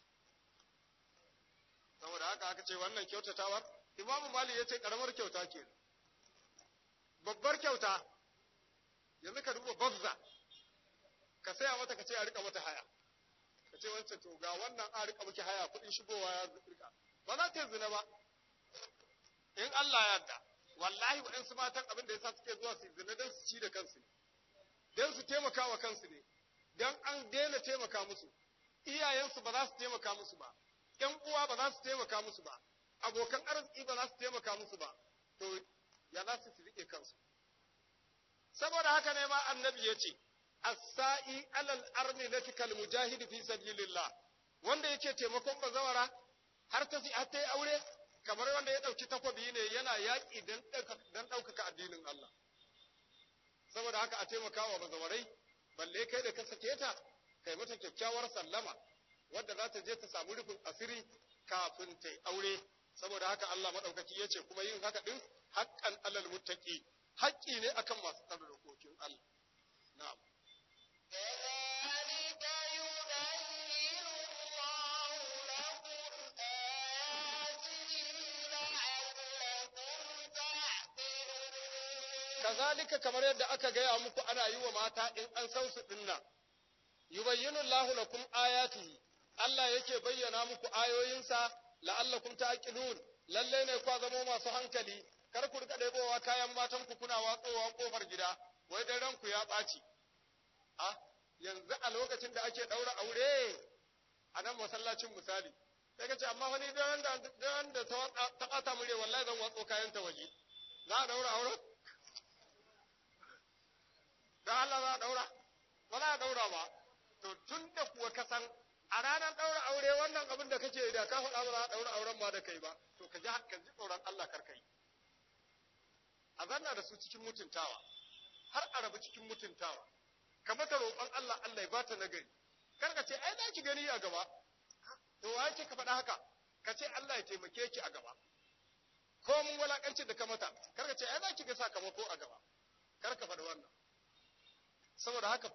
saboda haka aka ce wannan kyautatawar imamu mali ya ce karamar kyauta ke babbar kyauta yanzu ka duba babza ka saya mata ka ce a rika mata haya ka ce wancan to ga wannan a rika muke haya kudin shigowa ya rika ba za ta zina ba in Allah ya yarda wallahi su matan abin da yasa suke zuwa su zina don su ci da kansu ne don su taimaka wa kansu ne don an daina taimaka musu iyayensu ba za su taimaka musu ba ‘yan uwa ba za su taimaka musu ba, abokan arziki ba za su taimaka musu ba, to ya za su riƙe kansu. Saboda haka ne ma annabi ya ce, asai alal arni na fikal mujahidi fi sabilillah wanda yake taimakon bazawara har ta har ta aure kamar wanda ya ɗauki takobi ne yana yaƙi don ɗaukaka addinin Allah. Saboda haka a taimaka wa bazawarai, balle kai da ka sake ta, kai mata kyakkyawar sallama, wadda za ta je ta samu rufin asiri kafin ta aure saboda haka Allah madaukaki ya ce kuma yin haka din haƙƙan alal muttaqi haƙƙi ne akan masu da kokin Allah na'am kazalika kamar yadda aka gaya muku ana yi wa mata in an san su dinna yubayyinu Allahu lakum ayatihi Allah yake bayyana muku ayoyinsa la'allakum ta'qilun lalle ne kwa zamo masu hankali kar ku rika daibowa kayan matan ku kuna watsowa kofar gida wai dan ranku ya ɓaci a yanzu a lokacin da ake ɗaura aure a nan masallacin misali sai ka ce amma wani dan da ta ƙasa mure wallahi zan watso kayan ta waje za a ɗaura aure? da Allah za a ɗaura ba za a ɗaura ba to tun da kuwa ka san a ranar ɗaura aure wannan abin da kake da ka faɗa ba za a ɗaura auren ma da kai ba to ka ji ka ji tsoron Allah kar kai a zanna da su cikin mutuntawa har a rabu cikin mutuntawa ka mata roƙon Allah Allah ya bata nagari kar ka ce ai za ki gani a gaba to wa ke ka faɗa haka ka ce Allah ya taimake ki a gaba ko mun walakanci da ka mata kar ka ce ai za ki ga sakamako a gaba kar ka faɗi wannan saboda haka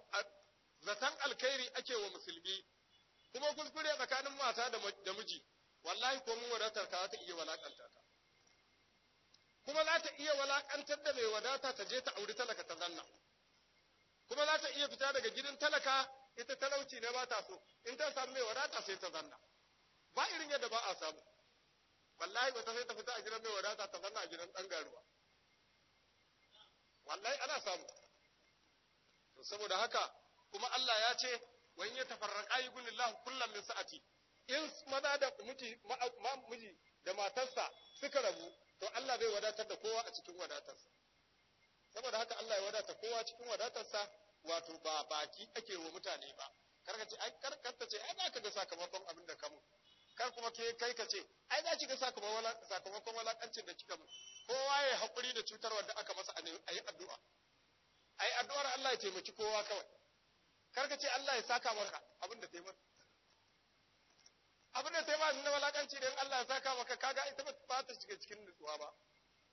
zaton alkhairi ake wa musulmi kuma kuskure tsakanin mata da miji wallahi ko mun wadatar ka ta iya walakanta ta kuma za ta iya walakantar da mai wadata ta je ta auri talaka ta zanna kuma za ta iya fita daga gidan talaka ita talauci ne ba ta so in ta samu mai wadata sai ta zanna ba irin yadda ba a samu wallahi ba ta sai ta fita a gidan mai wadata ta zanna a gidan dan garuwa wallahi ana samu saboda haka kuma Allah ya ce wa in yatafarraqa yughnillahu kullam min sa'ati in maza da miji miji da matarsa suka rabu to Allah bai wadatar da kowa a cikin wadatarsa saboda haka Allah ya wadata kowa cikin wadatarsa wato ba baki ake wa mutane ba karkace ce ai karkata ce ai ka ga sakamakon abin da ka mu kar kuma ke kai ka ce ai za ki ga sakamakon sakamakon walakancin da kika mu kowa ya hakuri da cutarwar da aka masa a yi addu'a ai addu'ar Allah ya taimaki kowa kawai karka ce Allah ya saka maka abin da taimaka abin da taimaka na walakanci da Allah ya saka maka kaga ita ba ta shiga cikin nutsuwa ba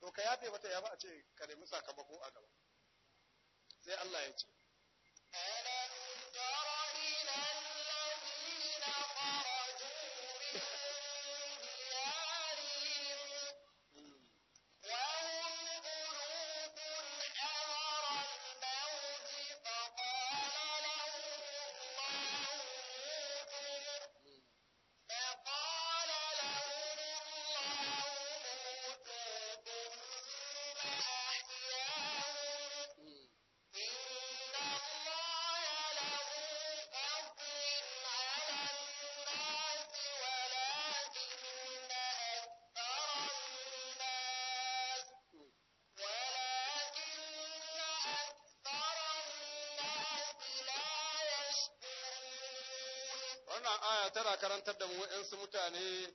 to ka yafe mata ya ba a ce ka nemi sakamako a gaba sai Allah ya ce mutane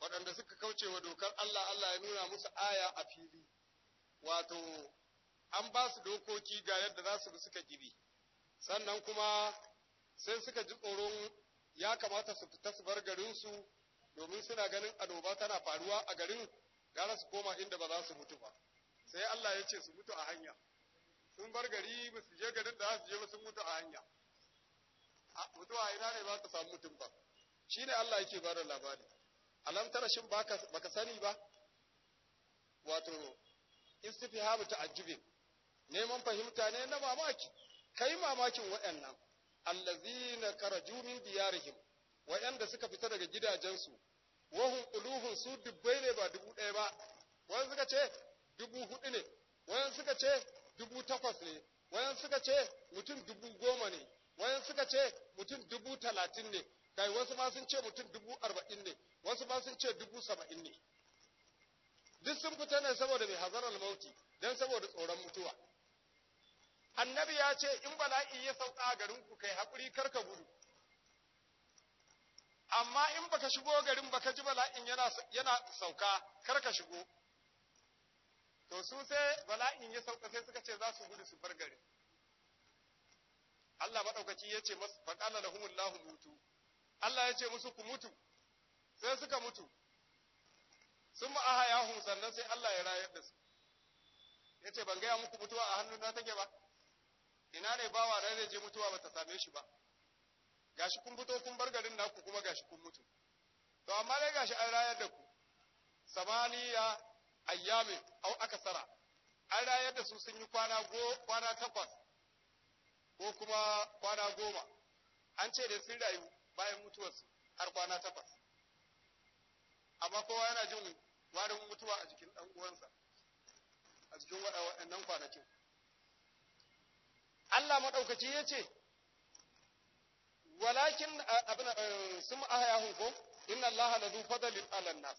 waɗanda suka kauce wa dokar Allah Allah ya nuna musu aya a fili wato an ba su dokoki ga yadda za su suka gibi sannan kuma sai suka ji tsoron ya kamata su fita su bar garinsu domin suna ganin annoba tana faruwa a garin gara su koma inda ba za su mutu ba sai Allah ya ce su mutu a hanya sun bar gari ba su je garin da za su je ba sun mutu a hanya mutuwa ina ne ba ta samu mutum ba ne Allah yake ba da labari alam tara shin ba ka sani ba wato ta Ajibin. neman fahimta ne na mamaki kai mamakin waɗannan allazina karaju min diyarihim waɗanda suka fita daga gidajensu wahun uluhun su dubbai ne ba dubu ɗaya ba wani suka ce dubu hudu ne wani suka ce dubu takwas ne wani suka ce mutum dubu goma ne wani suka ce mutum dubu talatin ne kai wasu ma sun ce mutum dubu arba'in ne wasu ma sun ce dubu saba'in ne duk sun fita ne saboda mai hazar almauti don saboda tsoron mutuwa annabi ya ce in bala'i ya sauka a garin ku kai haƙuri kar ka gudu amma in baka shigo garin baka ji bala'in yana, sauka kar ka shigo to su sai bala'in ya sauka sai suka ce za su gudu su bar garin Allah maɗaukaci ya ce masu faƙala lahumullahu mutu Allah ya ce musu ku mutu sai suka mutu sun ya hun sannan sai Allah ya rayar da su ya ce ban gaya muku mutuwa a hannuna take ba ina ne bawa na zai je mutuwa ba ta same shi ba gashi kun fito kun bar garin naku kuma gashi kun mutu to amma dai gashi an rayar da ku samaniya ayyamin au akasara an rayar da su sun yi kwana go kwana takwas ko kuma kwana goma an ce da sun rayu bayan mutuwarsu har kwana takwas amma kowa yana jin warin mutuwa a jikin ɗan uwansa a cikin waɗannan kwanakin Allah maɗaukaci ya ce walakin abin sun ahayahun ko inna Allah la fadalin alan nas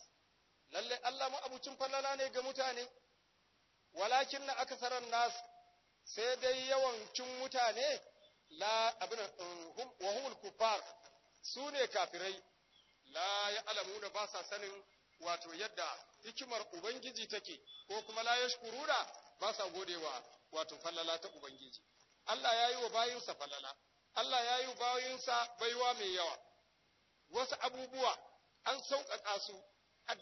lalle Allah mu abucin falala ne ga mutane walakin na akasaran nas sai dai yawancin mutane la abin um, hum wa humul kufar su ne kafirai la ya alamuna ba sa sanin wato yadda hikimar ubangiji take ko kuma la ya shukuruna ba sa godewa wato fallala ta ubangiji Allah ya yi wa bayinsa fallala Allah ya yi bayinsa baiwa mai yawa wasu abubuwa an sauƙaƙa su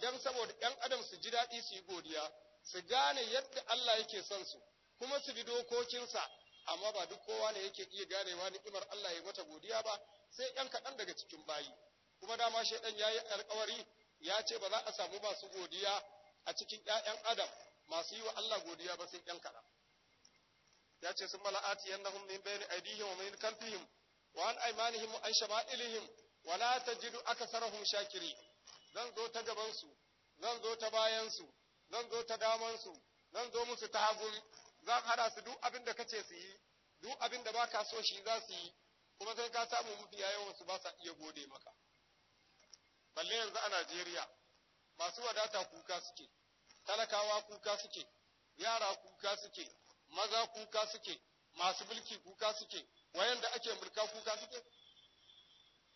dan saboda ‘yan adam su ji daɗi su yi godiya su gane yadda Allah yake son su kuma su bi dokokinsa amma ba duk kowa ne yake iya ganewa ni'imar Allah ya mata godiya ba sai ‘yan kaɗan daga cikin bayi kuma dama shaidan ya yi alkawari ya ce ba za a samu masu godiya a cikin ‘ya'yan adam masu yi wa Allah godiya ba sai ‘yan kaɗan ya ce sun mala'ati hun min a aydihim wa min khalfihim wa an sha wa an shama'ilihim wa la aka sarahun shakiri zan zo ta gaban su zan zo ta bayan zan zo ta daman zan zo musu ta hagu zan hada su duk abin da kace su yi duk abin da baka so shi za su yi kuma sai ka samu mafiya yawansu ba sa iya gode maka balle yanzu a Najeriya masu wadata kuka suke talakawa kuka suke yara kuka suke maza kuka suke masu mulki kuka suke wayanda ake mulka kuka suke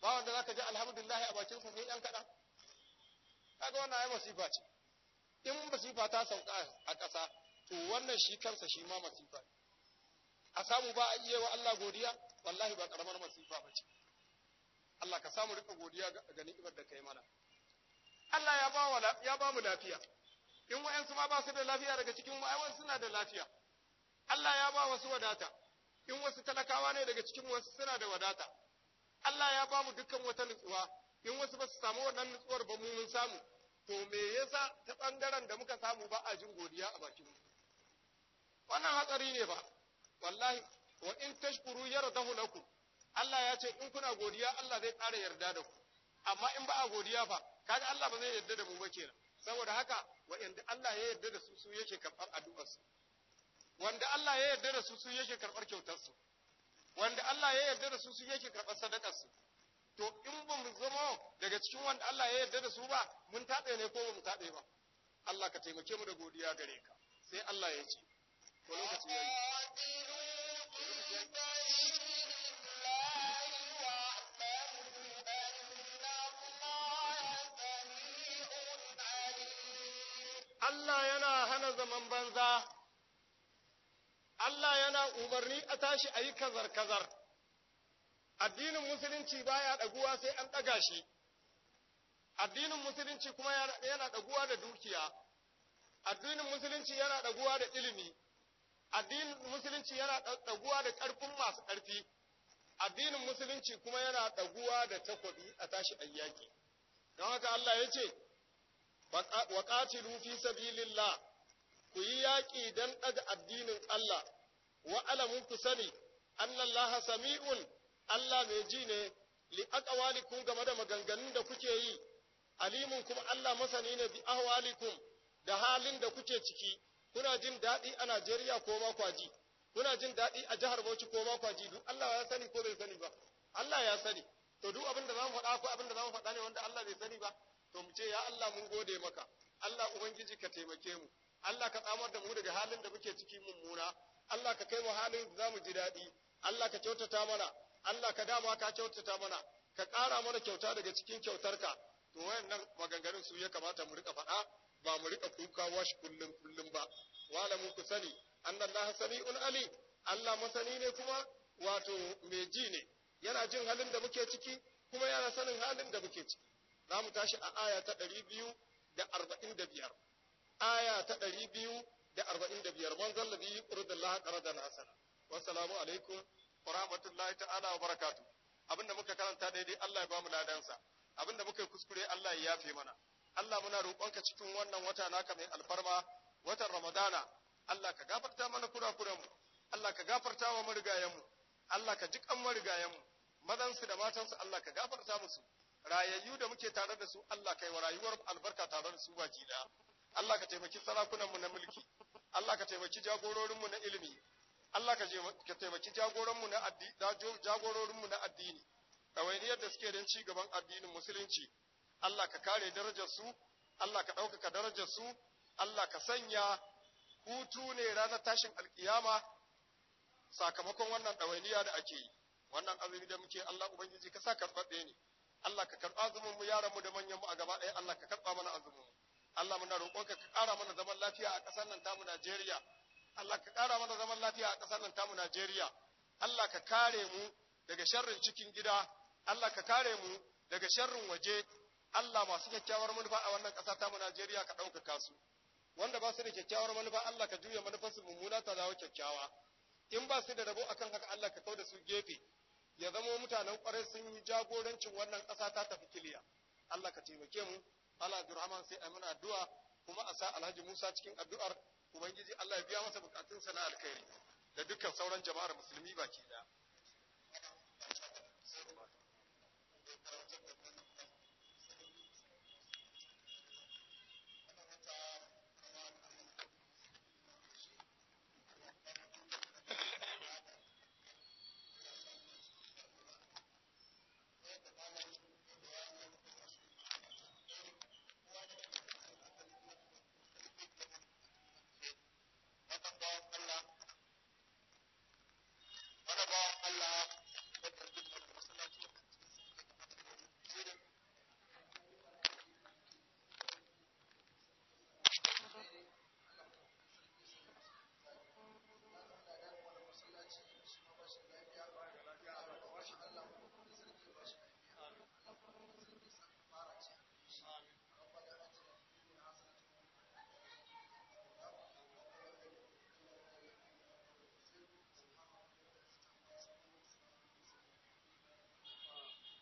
ba wanda zaka ji alhamdulillah a bakin su sai yan kada kaga wannan ai masifa ce in masifa ta sauka a ƙasa to wannan shi kansa shi ma masifa ne a samu ba a iya wa Allah godiya wallahi ba karamar masifa ba ce Allah ka samu rika godiya ga ni'imar da kai mana Allah ya ba wa ya ba mu lafiya in wayansu ma ba su da lafiya daga cikin mu ai suna da lafiya Allah ya ba wasu wadata in wasu talakawa ne daga cikin wasu suna da wadata Allah ya ba mu dukkan wata nutsuwa in wasu ba su samu wannan nutsuwar ba mu mun samu to me yasa ta bangaren da muka samu ba a jin godiya a bakin mu wannan hatsari ne ba wallahi wa in tashkuru yardahu lakum Allah ya ce in kuna godiya Allah zai ƙara yarda da ku amma in ba a godiya fa kaga Allah ba zai yarda da mu ba kenan saboda haka wa in Allah ya yarda da su su yake karɓar addu'ar su wanda Allah ya yarda da su su yake karɓar kyautar su wanda Allah ya yarda da su su yake karɓar sadakar su to in ba mu zama daga cikin wanda Allah ya yarda da su ba mun taɓe ne ko ba mu taɓe ba Allah ka taimake mu da godiya gare ka sai Allah ya ce Allah yana hana zaman banza, Allah yana umarni a tashi a yi kazar-kazar, addinin musulunci baya ɗaguwa sai an ɗaga shi, addinin musulunci kuma yana ɗaguwa da dukiya, addinin musulunci yana ɗaguwa da ilimi. addinin musulunci yana ɗaguwa da ƙarfin masu ƙarfi addinin musulunci kuma yana ɗaguwa da takwabi a tashi a yaƙi don haka Allah ya ce wa qatilu fi sabilillah ku yi yaƙi don ɗaga addinin Allah wa alamun ku sani annallaha sami'un Allah mai ji ne li aqwalikum game da maganganun da kuke yi alimun kuma Allah masani ne bi ahwalikum da halin da kuke ciki kuna jin daɗi a Najeriya ko ma kwaji, kuna jin daɗi a jihar Bauchi ko ma kwaji, duk Allah ya sani ko bai sani ba Allah ya sani to duk abin da zamu faɗa ko abin da zamu faɗa ne wanda Allah bai sani ba to mu ce ya Allah mun gode maka Allah ubangiji ka taimake mu Allah ka tsamar da mu daga halin da muke ciki mummuna Allah ka kai mu halin da zamu ji daɗi Allah ka kyautata mana Allah ka dama ka kyautata mana ka ƙara mana kyauta daga cikin kyautarka to wayannan maganganun su ya kamata mu rika faɗa ba mu rika kuka washi kullum kullum ba mu ku sani annallaha sami'un ali Allah masani ne kuma wato mai ji ne yana jin halin da muke ciki kuma yana sanin halin da muke ciki za mu tashi a aya ta ɗari biyu da arba'in da biyar aya ta ɗari biyu da arba'in da biyar man zalla biyu ƙurdullah ƙaradan Wa wassalamu alaikum wa rahmatullahi ta'ala wa barakatuh abinda muka karanta daidai Allah ya bamu ladansa abinda muka kuskure Allah ya yafe mana Allah muna roƙonka cikin wannan wata naka mai alfarma watan Ramadana Allah ka gafarta mana kura-kuranmu. Allah ka gafarta wa marigayen Allah ka ji kan marigayen mazan su da matan su Allah ka gafarta musu rayayyu da muke tare da su Allah kai wa rayuwar albarka tare da su baki da Allah ka taimaki sarakunanmu na mulki Allah ka taimaki jagororinmu na ilimi Allah ka taimaki jagoranmu na addini jagororin mu na addini dawainiyar da suke don ci gaban addinin musulunci Allah ka kare darajarsu Allah ka ɗaukaka darajarsu Allah ka sanya hutu ne ranar tashin alkiyama sakamakon wannan ɗawainiya da ake yi wannan azumi da muke Allah ubangiji ka sa karɓaɓɓe ne Allah ka karɓa azuminmu mu yaran mu da manyan mu a gaba ɗaya Allah ka karɓa mana azumin Allah muna roƙonka ka ƙara mana zaman lafiya a ƙasar nan tamu Najeriya Allah ka ƙara mana zaman lafiya a ƙasar nan tamu Najeriya Allah ka kare mu daga sharrin cikin gida Allah ka kare mu daga sharrin waje Allah masu kyakkyawar manufa a wannan ƙasa ta mu Najeriya ka ɗaukaka su wanda ba su da kyakkyawar manufa Allah ka juya manufarsu mummuna ta dawo kyakkyawa in ba su da rabo akan haka Allah ka kauda su gefe ya zamo mutanen ƙwarai sun yi jagorancin wannan ƙasa ta tafi kiliya Allah ka taimake mu Allah Abdurrahman sai a muna addu'a kuma a sa Alhaji Musa cikin addu'ar Ubangiji Allah ya biya masa bukatunsa na alkhairi da dukkan sauran jama'ar musulmi baki ɗaya